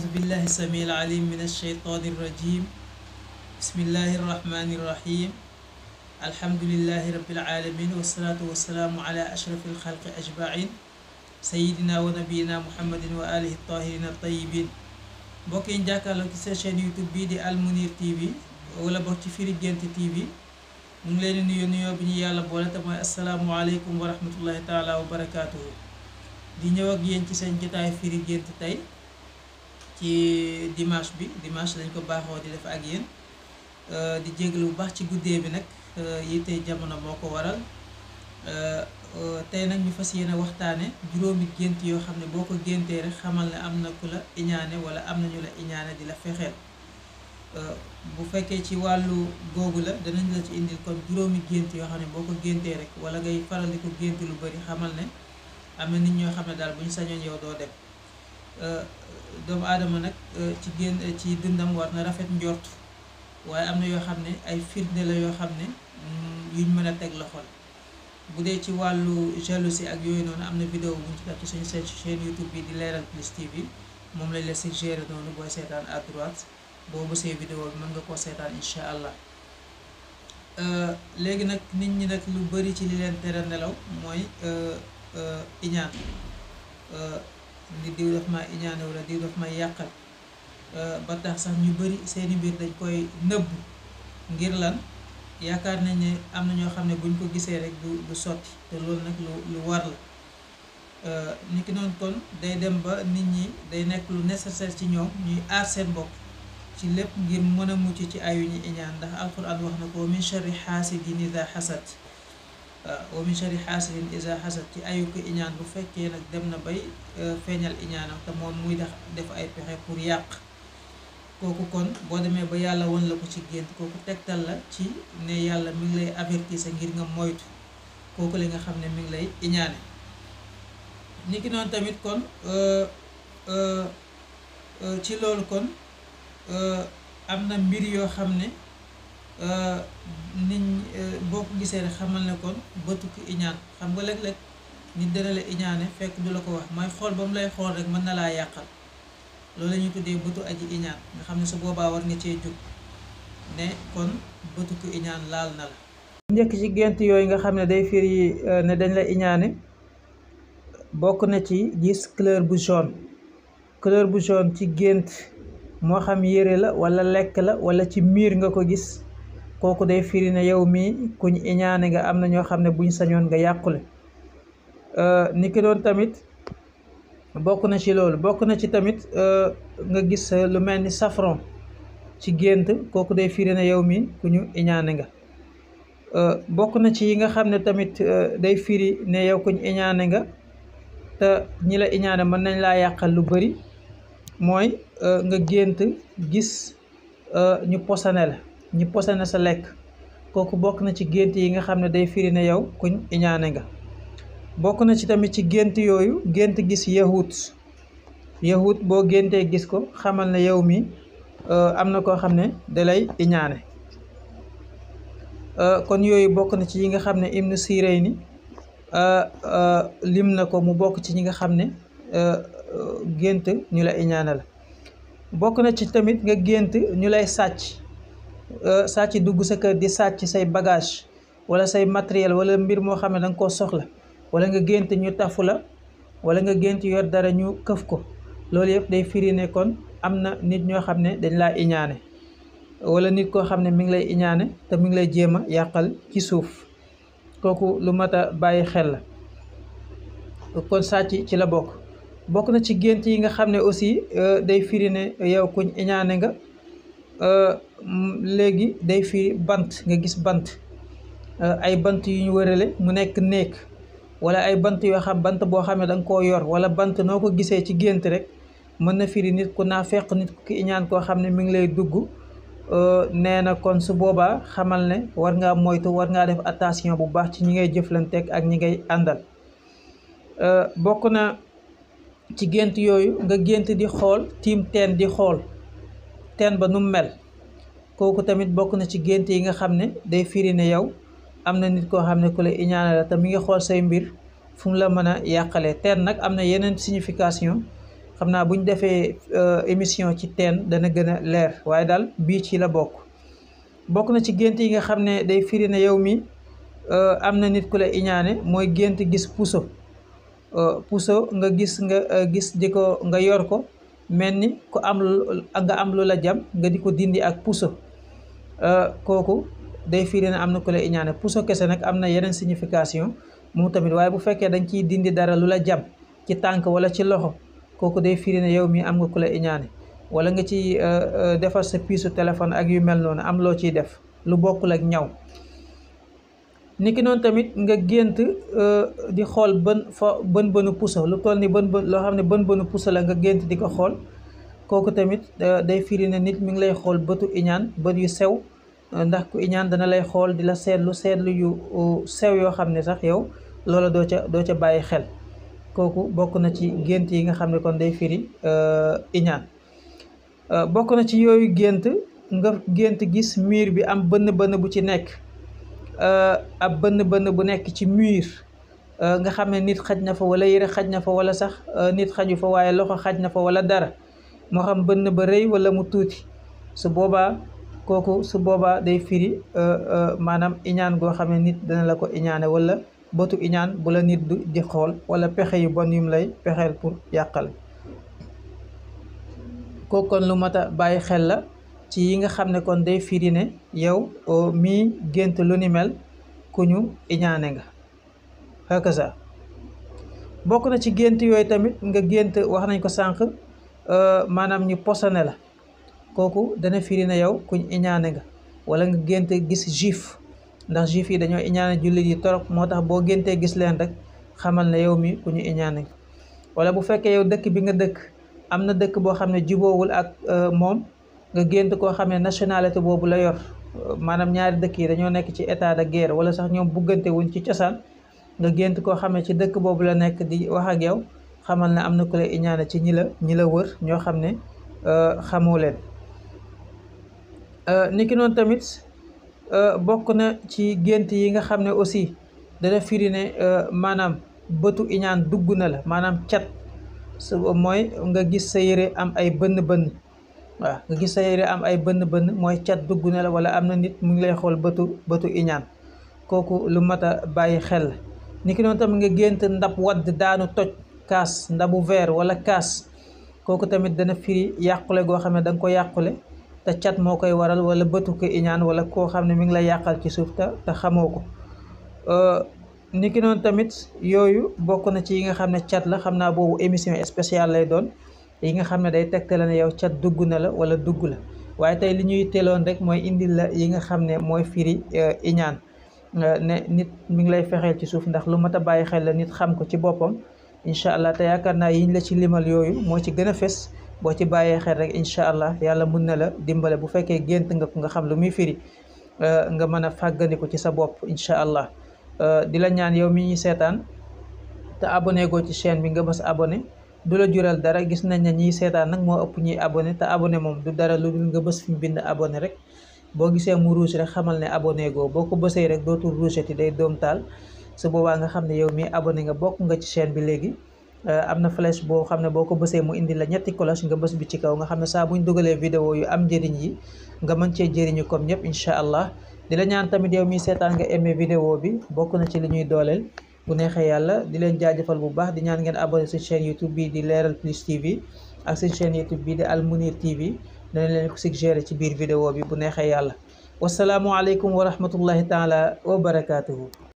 أعوذ بالله السميع العليم من الشيطان الرجيم بسم الله الرحمن الرحيم الحمد لله رب العالمين والصلاة والسلام على أشرف الخلق أجمعين سيدنا ونبينا محمد وآله الطاهرين الطيبين بوكين جاكا لو كيسيشن يوتيوب بي دي المنير تي في ولا بوكي فيري جنت تي في مولاي نيو نيو بني يالا بولتا السلام عليكم ورحمة الله تعالى وبركاته دي نيو ينتي سنجتاي فيري جنت تاي ci dimanche bi dimanche lañ ko baxo di def ak euh di jéglu bu baax ci guddee bi euh yité jamono moo waral waral tay nak ñu fas waxtane juroomi gënt yo xamné boko gënté rek xamal ne amna na ku wala amna ñu la iñané di la euh bu féké ci walu gogul la danañ la ci indi kon juroomi gënt yo xamné boko gënté rek wala ngay faral di ko gënt lu bari xamal ne amna nit ñoo xamné dal buñu sañoon yow do def Euh, doomu aadama nag euh, ci génn ci dundam war na rafet njort waaye am na yoo xam ne ay firnde la yoo xam ne mm, yuñ mën a teg loxo bu dee ci wàllu jalousie ak yooyu noonu am na vidéo buñ ci def ci suñu seen YouTube bi di Leral Plus TV moom lañ la suggéré noonu booy seetaan à boo boo see vidéo bi mën nga koo seetaan incha allah euh, léegi nag nit ñi nag lu bari ci li leen tere nelaw mooy iñaan di diw daf ma iñaane wala diw daf may yàqal euh, ba tax sax ñu bari seeni biir dañ koy nëbb ngir lan yaakaar nañ ne am na ñoo xam ne buñ ko gisee rek du sotti te loolu nag lu lu war la euh, ni ki noonu kon day dem ba nit ñi day nekk lu nécessaire ci ñoom ñuy aar seen bopp ci lépp ngir mën a mucc ci ayu iñaan ndax alquran wax na ko min sharri xaasidin idaa xasad wa min sharri xaasidin iza xasad ci ayu ko iñaan bu fekkee nag dem na bay euh, feeñal iñaanam te moom muy def def ay pexe pour yàq kooku kon boo demee ba yàlla woon la ko ci gént kooku tegtal la ci ne yàlla mi ngi lay avertir sa ngir nga moytu kooku li nga xam ne mi ngi lay iñaane niki noonu tamit kon euh, euh, ci loolu kon am na mbir yoo xam ne Euh, nit euh, boo ko gisee rek xamal ne kon bëtu ki iñaan xam nga léeg-léeg nit dana la iñaane fekk du la ko wax mooy xool ba mu lay xool rek mën na laa yàqal loolu la ñuy tuddee bëtu aji iñaan nga xam ne su boobaa war nga cee jóg ne kon bëtu ki iñaan laal na la njëkk ci gént yooyu nga xam ne day firi euh, ne dañ la iñaane bokk na ci gis couleur bu jaune couleur bu jaune ci gént moo xam yére la wala lekk la wala ci miir nga ko gis kooku day firi ne yow mii kuñ iñaane nga am na ñoo xam ne buñ sañoon nga yàqule euh, ni ki doon tamit bokk na ci loolu bokk na ci tamit euh, nga gis lu mel ni safron ci gént kooku day firi ne yow mii ku ñu iñaane nga euh, bokk na ci yi nga xam ne tamit day firi ne yow kuñ iñaane nga te ñi la iñaane mën nañ laa yàqal lu bari mooy nga gént gis ñu posane la ñi pose na sa lekk kooku bokk na ci gént yi nga xam ne day firi ne yow kuñ iñaane nga bokk na ci tamit ci gént yooyu gént gis yahut yahut boo géntee gis ko xamal ne yow mi euh, am na koo xam ne da lay iñaane euh, kon yooyu bokk na ci yi nga xam ne im Ibnu Sirayni euh, lim na ko mu bokk ci ñi nga xam ne gént ñu la iñaane la bokk na ci tamit nga gént ñu lay sàcc Euh, sàcc dugg sa kër di sàcc say bagage wala say matériel wala mbir moo xam ne da nga koo soxla wala nga gént ñu tafu la wala nga gént yor dara ñu këf ko loolu yëpp day firi ne kon am na nit ñoo xam ne dañ laa iñaane wala nit koo xam ne mi ngi lay iñaane te mu ngi lay jéem a yàqal ci suuf kooku lu mat a bàyyi xel la kon sàcc ci la bokk bokk na ci gént yi nga xam ne aussi euh, day firine yow kuñ iñaane nga Euh, legi day fi bant nga gis bant euh, ay bant yu ñu wërele mu nekk néeg wala ay bant yo xam bant bo xamé dang ko yor wala bant noko gisé ci gënt rek mën na firi nit ku naa nit ku iñaan ko xamné mi ngi lay dugg euh, nee néna kon su boba xamal né war ngaa moytu war ngaa def attention bu baax ci ñi ngay jëflanté ak ñi ngay andal bokk na ci gënt yoyu nga gënt di xol tim ten di xol teen ba nu mel kooku tamit bokk na ci gént yi nga xam ne day firi ne yow am na nit koo xam ne ku la iñaane la te mi ngi xool say mbir fu mu la mën a yàqalee teen nag am na yeneen signification xam naa bu ñu defee euh, émission ci teen dana gën a leer waaye dal bii ci la bokk bokk na ci gént yi nga xam ne day firi ne yow mi euh, am na nit ku la iñaane mooy gént gis puso euh, puso nga gis nga gis di ko nga yor ko mel ni ku am nga am lu la jam nga di ko dindi ak puso euh, kooku day firi am na ku la iñaane puso kese nag am na yeneen signification moom tamit waaye bu fekkee dañ ciy dindi dara lu la jam ci tànk wala ci loxo kooku day firi yow mi am nga ku la iñaane wala nga ci euh, euh, defar sa piisu téléphone ak yu mel noonu am loo ciy def lu bokkul ak ñaw niki noonu tamit nga gént euh, di xool bën fa bën bënu puso lu toll ni bën bën loo xam ne bën bënu puso la nga gént di ko xool kooku tamit euh, day firi ne nit mu ngi lay xool bëtu iñaan bët yu sew euh, ndax ku iñaan dana lay xool di la seetlu seetlu yu sew yoo xam ne sax yow loola doo ca doo ca bàyyi xel kooku bokk na ci gént yi nga xam ne kon day firi iñaan bokk na ci yooyu gént nga gént gis miir bi am bënn bënn bu ci nekk Euh, ab bënn bënn bu nekk ci mur euh, nga xam nit xaj na fa wala yére xaj na fa wala sax euh, nit xaju fa waaye loxo xaj na fa wala dara moo xam bënn ba rëy wala mu tuuti su boobaa kooku su boobaa day firi maanaam iñaan goo xamee nit dana la ko iñaane wala botu iñaan bu la nit du di xool wala pexe yu bon yum lay pexeel pour yàqal kooku kon lu mat a bàyyi xel la ci yi nga xam ne kon day firi ne yow mii gént lu ni mel ku ñu iñaane nga fekk bokk na ci gént yooyu tamit nga gént wax nañ ko sànq euh, maanaam ñu posone la kooku dana firi ne yow kuñ iñaane nga wala nga gént gis juif ndax juif yi dañoo iñaane jullit yi torop moo tax boo géntee gis leen rek xamal ne yow mi ku ñu iñaane nga wala bu fekkee yow dëkk bi nga dëkk am na dëkk boo xam ne juboowul ak euh, moom nga gént koo xamee ne nationalité boobu la yor maanaam ñaari dëkk yi dañoo nekk ci état de guerre wala sax ñoom buggante wuñ ci cosaan nga gént koo xam ne ci dëkk boobu la nekk di wax ak yow xamal na am na ku lay iñaane ci ñi la ñi la wër ñoo xam ne euh, xamoo leen euh, niki noonu tamit euh, bokk na ci gént yi nga xam ne aussi dana firine ne maanaam bëtu iñaan dugg na la maanaam cat su mooy nga gis sa yére am ay bënn-bënn waaw nga gis sa yére am ay bënn bënn mooy cat dugg ne la wala am na nit mu ngi lay xool bëtu bëtu iñaan kooku lu mat a bàyyi xel la ni ki noonu tamit nga gént ndab wadd daanu toj kaas ndabu verre wala kaas kooku tamit dana firi yàqule goo xam ne da nga ko yàqule te cat moo koy waral wala bëtu ko iñaan wala koo xam ne mu ngi lay yàqal ci suuf te te xamoo ko ni ki noonu tamit yooyu bokk na ci yi nga xam ne cat la xam naa boobu émission spéciale lay doon yi nga xam ne day tegtale ne yow cat dugg na la wala dugg la waaye tey li ñuy teeloon rek mooy indil la yi nga xam ne mooy firi euh, iñaan euh, ne nit mi ngi lay fexeel ci suuf ndax lu mat a xel la nit xam ko ci boppam incha allah te yaakaar naa yiñ la ci limal yooyu moo ci gën a fes boo ci bàyyee xel rek incha allah yàlla mun na la dimbale bu fekkee gént nga ko nga xam lu muy firi euh, nga mën a fàggandiku ci sa bopp incha allah di la ñaan yow mi ñuy seetaan te abonné goo ci chaîne bi nga abonné du la jural dara gis nañ ne ñiy seetaan nag moo ëpp ñuy abone te abone moom du dara lu dul nga bës fi mu bind abonné rek boo gisee mu rouge rek xamal ne abone goo boo ko bësee rek dootul rouge ti day doom taal su boobaa nga xam ne yow mii abone nga bokk nga ci chaîne bi léegi am na flèche boo xam ne boo ko bësee mu indi la ñetti cloche nga bës bi ci kaw nga xam ne saa buñ dugalee vidéo yu am njëriñ yi nga mën cee jëriñu comme ñëpp incha allah di la ñaan tamit yow mii seetaan nga aimé vidéo bi bokk na ci li ñuy dooleel bu nexe yàlla di len jajeufal bu bax di ñaan ngeen abonné ci chaîne YouTube bi di Leral Plus TV ak ci chaîne YouTube bi di Al munir TV dañ leen ko suggéré ci biir vidéo bi bu nexe yàlla wassalamu alaykum wa rahmatullahi taala wa barakatuh